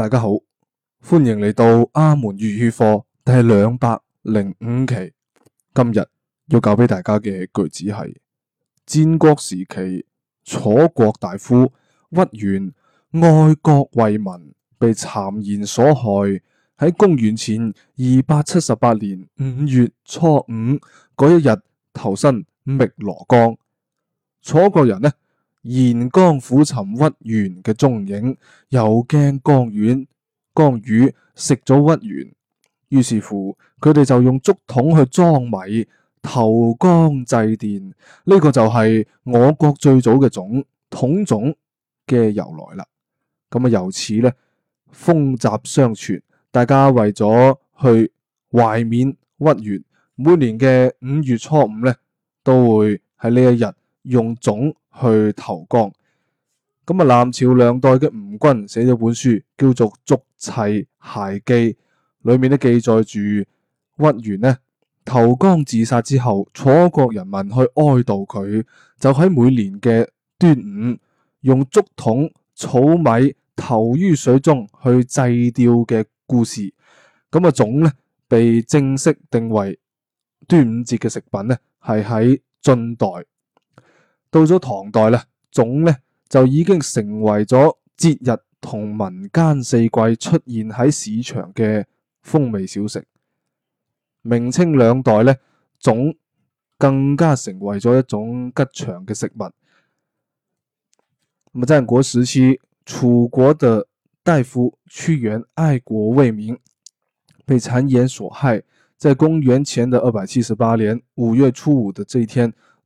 大家好，歡迎嚟到阿門粵語課第兩百零五期。今日要教俾大家嘅句子係：戰國時期，楚國大夫屈原愛國為民，被讒言所害。喺公元前二百七十八年五月初五嗰一日，投身汨羅江。楚國人呢，沿江苦尋屈原嘅蹤影，又驚江遠、江魚食咗屈原，於是乎佢哋就用竹筒去裝米，投江祭奠。呢個就係我國最早嘅粽筒粽嘅由來啦。咁啊，由此咧，風習相傳，大家為咗去懷緬屈原，每年嘅五月初五咧，都會喺呢一日。用粽去投江，咁啊南朝梁代嘅吳均寫咗本書，叫做《竹齊諧記》，裏面呢記載住屈原呢投江自殺之後，楚國人民去哀悼佢，就喺每年嘅端午用竹筒、草米投於水中去祭弔嘅故事。咁啊粽呢被正式定爲端午節嘅食品呢，係喺晉代。到咗唐代啦，粽咧就已經成為咗節日同民間四季出現喺市場嘅風味小食。明清兩代咧，粽更加成為咗一種吉祥嘅食物。咁啊，戰國時期楚國的大夫屈原愛國為民，被讒言所害，在公元前的二百七十八年五月初五的這一天。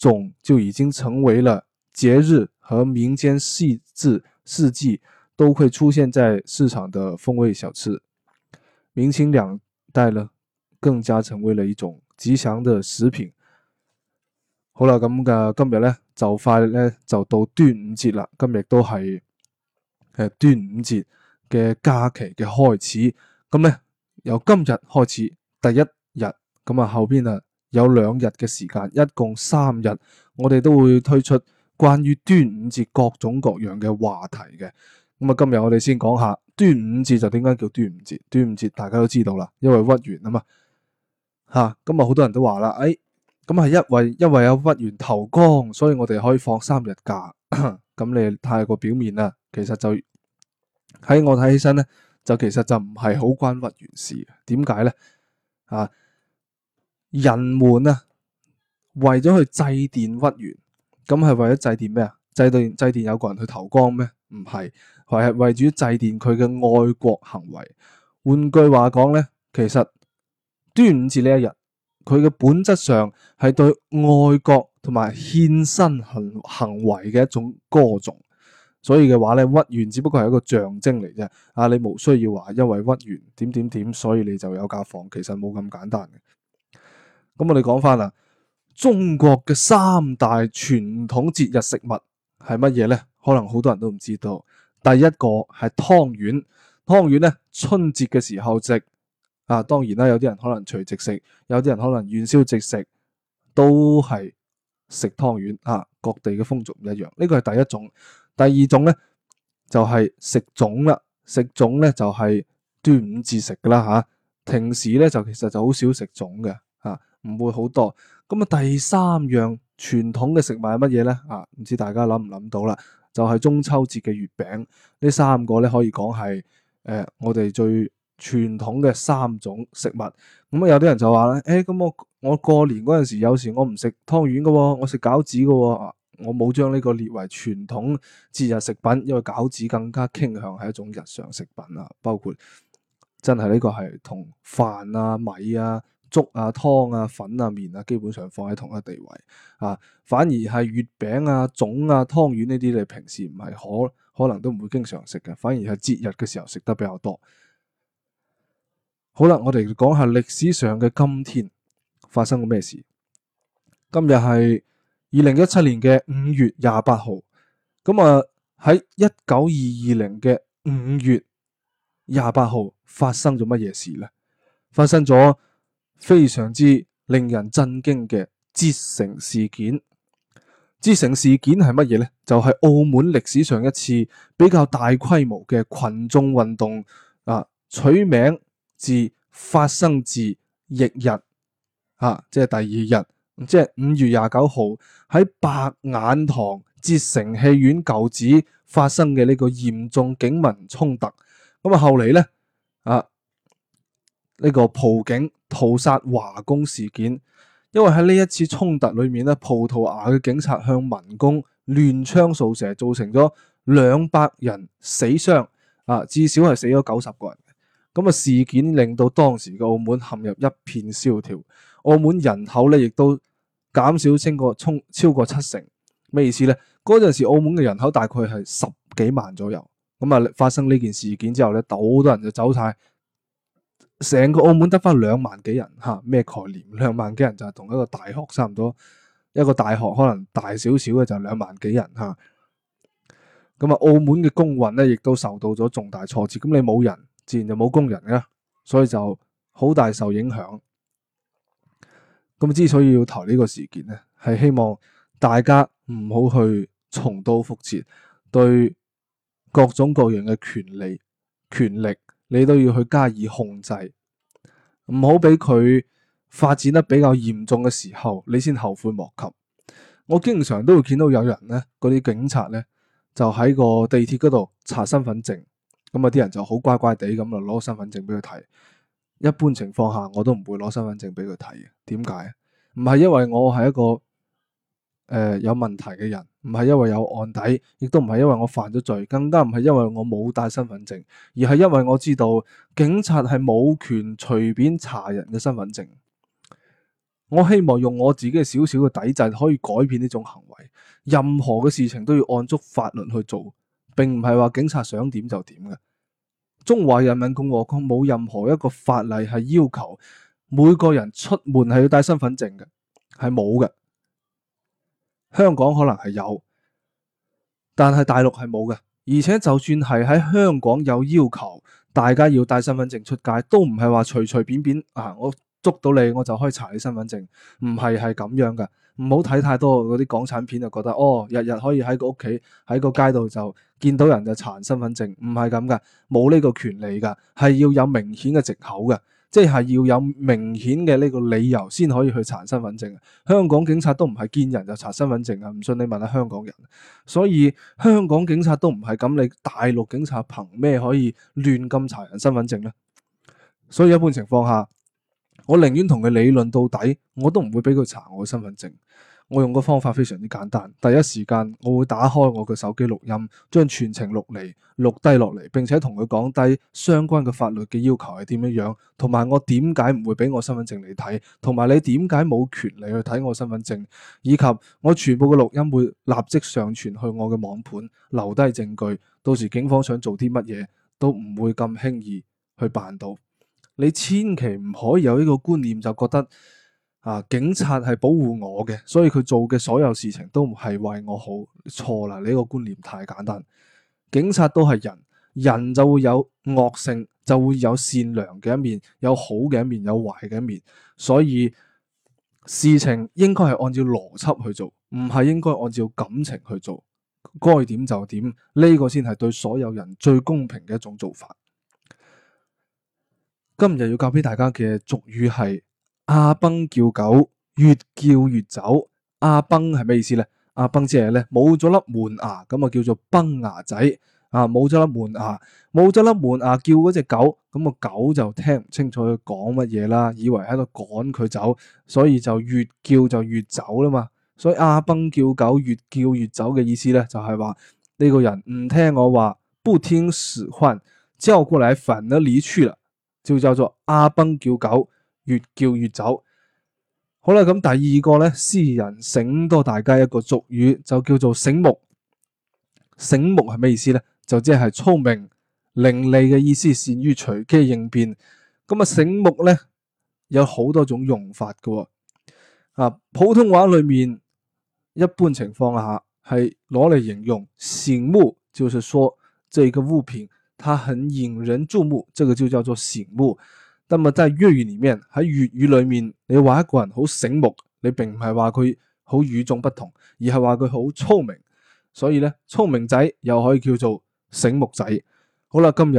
粽就已經成為了節日和民間四季四季都會出現在市場的風味小吃。明清兩代呢，更加成為了一種吉祥的食品。好啦，咁嘅今日咧就快咧就到端午節啦，今日都係誒端午節嘅假期嘅開,開始。咁咧由今日開始第一日，咁啊後邊啊。有兩日嘅時間，一共三日，我哋都會推出關於端午節各種各樣嘅話題嘅。咁啊，今日我哋先講下端午節就點解叫端午節？端午節大家都知道啦，因為屈原啊嘛，吓咁啊好多人都話啦，誒、哎，咁係因為因為有屈原投江，所以我哋可以放三日假。咁 你太過表面啦，其實就喺我睇起身咧，就其實就唔係好關屈原事嘅。點解咧？啊？人們啊，為咗去祭奠屈原，咁係為咗祭奠咩啊？祭奠祭奠有個人去投江咩？唔係，係係為主祭奠佢嘅愛國行為。換句話講咧，其實端午節呢一日，佢嘅本質上係對愛國同埋獻身行行為嘅一種歌頌。所以嘅話咧，屈原只不過係一個象徵嚟啫。啊，你無需要話因為屈原點點點，所以你就有架房，其實冇咁簡單嘅。咁我哋講翻啦，中國嘅三大傳統節日食物係乜嘢咧？可能好多人都唔知道。第一個係湯圓，湯圓咧春節嘅時候食，啊當然啦，有啲人可能除夕食，有啲人可能元宵食，都係食湯圓啊。各地嘅風俗唔一樣，呢個係第一種。第二種咧就係食粽啦，食粽咧就係端午節食噶啦吓，平時咧就其實就好少食粽嘅啊。唔會好多，咁啊第三樣傳統嘅食物係乜嘢咧？啊，唔知大家諗唔諗到啦？就係、是、中秋節嘅月餅。呢三個咧可以講係誒我哋最傳統嘅三種食物。咁、嗯、啊有啲人就話咧，誒、哎、咁我我過年嗰陣時有時我唔食湯圓噶，我食餃子噶、啊，我冇將呢個列為傳統節日食品，因為餃子更加傾向係一種日常食品啦。包括真係呢個係同飯啊、米啊。粥啊、湯啊、粉啊、麵啊，基本上放喺同一地位啊。反而係月餅啊、粽啊、湯圓呢啲，你平時唔係可可能都唔會經常食嘅，反而係節日嘅時候食得比較多。好啦，我哋講下歷史上嘅今天發生過咩事。今日係二零一七年嘅五月廿八號。咁啊，喺一九二二年嘅五月廿八號發生咗乜嘢事呢？發生咗。非常之令人震驚嘅捷成事件，捷成事件係乜嘢咧？就係、是、澳門歷史上一次比較大規模嘅群眾運動啊！取名自發生自翌日，吓、啊、即係第二日，即係五月廿九號喺白眼塘捷成戲院舊址發生嘅呢個嚴重警民衝突。咁啊，後嚟咧啊呢、這個葡警。屠殺華工事件，因為喺呢一次衝突裏面咧，葡萄牙嘅警察向民工亂槍掃射，造成咗兩百人死傷，啊，至少係死咗九十個人。咁、嗯、啊，事件令到當時嘅澳門陷入一片蕭條，澳門人口咧亦都減少超過衝超過七成。咩意思咧？嗰陣時澳門嘅人口大概係十幾萬左右，咁、嗯、啊發生呢件事件之後咧，好多人就走晒。成個澳門得翻兩萬幾人吓，咩概念？兩萬幾人就係同一個大學差唔多，一個大學可能大少少嘅就兩萬幾人吓。咁啊、嗯，澳門嘅工運咧，亦都受到咗重大挫折。咁你冇人，自然就冇工人啊，所以就好大受影響。咁之所以要投呢個事件咧，係希望大家唔好去重蹈覆轍，對各種各樣嘅權利、權力。你都要去加以控制，唔好俾佢發展得比較嚴重嘅時候，你先後悔莫及。我經常都會見到有人咧，嗰啲警察咧就喺個地鐵嗰度查身份證，咁啊啲人就好乖乖地咁就攞身份證俾佢睇。一般情況下，我都唔會攞身份證俾佢睇嘅。點解？唔係因為我係一個。誒、呃，有問題嘅人唔係因為有案底，亦都唔係因為我犯咗罪，更加唔係因為我冇帶身份證，而係因為我知道警察係冇權隨便查人嘅身份證。我希望用我自己嘅小小嘅抵制，可以改變呢種行為。任何嘅事情都要按足法律去做，並唔係話警察想點就點嘅。中華人民共和國冇任何一個法例係要求每個人出門係要帶身份證嘅，係冇嘅。.香港可能係有，但係大陸係冇嘅。而且就算係喺香港有要求，大家要帶身份證出街，都唔係話隨隨便便啊！我捉到你，我就可以查你身份證，唔係係咁樣噶。唔好睇太多嗰啲港產片就覺得，哦，日日可以喺個屋企喺個街度就見到人就查身份證，唔係咁噶，冇呢個權利噶，係要有明顯嘅藉口嘅。即係要有明顯嘅呢個理由先可以去查身份證啊！香港警察都唔係見人就查身份證啊！唔信你問下香港人，所以香港警察都唔係咁，你大陸警察憑咩可以亂咁查人身份證呢？所以一般情況下，我寧願同佢理論到底，我都唔會俾佢查我嘅身份證。我用個方法非常之簡單，第一時間我會打開我嘅手機錄音，將全程錄嚟錄低落嚟，並且同佢講低相關嘅法律嘅要求係點樣樣，同埋我點解唔會俾我身份證嚟睇，同埋你點解冇權嚟去睇我身份證，以及我全部嘅錄音會立即上傳去我嘅網盤，留低證據，到時警方想做啲乜嘢都唔會咁輕易去辦到。你千祈唔可以有呢個觀念，就覺得。啊！警察係保護我嘅，所以佢做嘅所有事情都唔係為我好，錯啦！呢個觀念太簡單。警察都係人，人就會有惡性，就會有善良嘅一面，有好嘅一面，有壞嘅一面。所以事情應該係按照邏輯去做，唔係應該按照感情去做。該點就點，呢個先係對所有人最公平嘅一種做法。今日要教俾大家嘅俗語係。阿崩叫狗，越叫越走。阿崩係咩意思咧？阿崩即係咧，冇咗粒門牙，咁啊叫做崩牙仔啊，冇咗粒門牙，冇咗粒門牙，叫嗰隻狗，咁個狗就聽唔清楚佢講乜嘢啦，以為喺度趕佢走，所以就越叫就越走啦嘛。所以阿崩叫狗，越叫越走嘅意思咧，就係話呢個人唔聽我話，不聽使喚，叫過來反而離去了，就叫做阿崩叫狗。越叫越走，好啦，咁第二個咧，詩人醒多大家一個俗語，就叫做醒目。醒目係咩意思咧？就即係聰明伶俐嘅意思，善於隨機應變。咁啊，醒目咧有好多種用法㗎喎，啊，普通話裏面一般情況下係攞嚟形容醒目，就是說這個物品，它很引人注目，這個就叫做醒目。咁啊，都係粵語裏面喺粵語裏面，你話一個人好醒目，你並唔係話佢好與眾不同，而係話佢好聰明。所以咧，聰明仔又可以叫做醒目仔。好啦，今日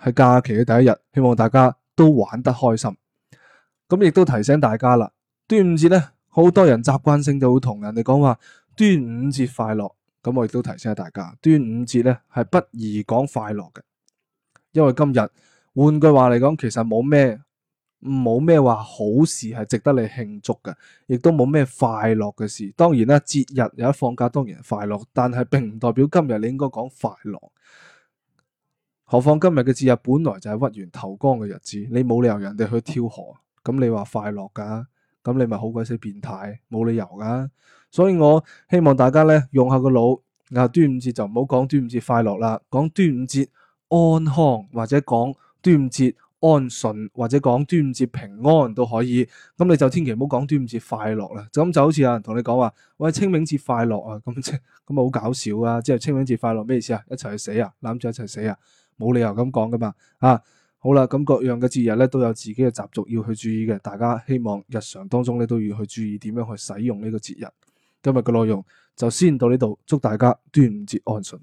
係假期嘅第一日，希望大家都玩得開心。咁亦都提醒大家啦，端午節咧，好多人習慣性就會同人哋講話端午節快樂。咁我亦都提醒下大家，端午節咧係不宜講快樂嘅，因為今日。換句話嚟講，其實冇咩冇咩話好事係值得你慶祝噶，亦都冇咩快樂嘅事。當然啦，節日有一放假當然快樂，但係並唔代表今日你應該講快樂。何況今日嘅節日本來就係屈原投江嘅日子，你冇理由人哋去跳河，咁你話快樂噶？咁你咪好鬼死變態，冇理由噶。所以我希望大家咧用下個腦，啊端午節就唔好講端午節快樂啦，講端午節安康或者講。端午節安順或者講端午節平安都可以，咁你就千祈唔好講端午節快樂啦。咁就，就好似有人同你講話，喂，清明節快樂啊，咁清咁啊好搞笑啊，即係清明節快樂咩意思啊？一齊去死啊，攬住一齊死啊，冇理由咁講噶嘛。啊，好啦，咁各樣嘅節日咧都有自己嘅習俗要去注意嘅，大家希望日常當中你都要去注意點樣去使用呢個節日。今日嘅內容就先到呢度，祝大家端午節安順。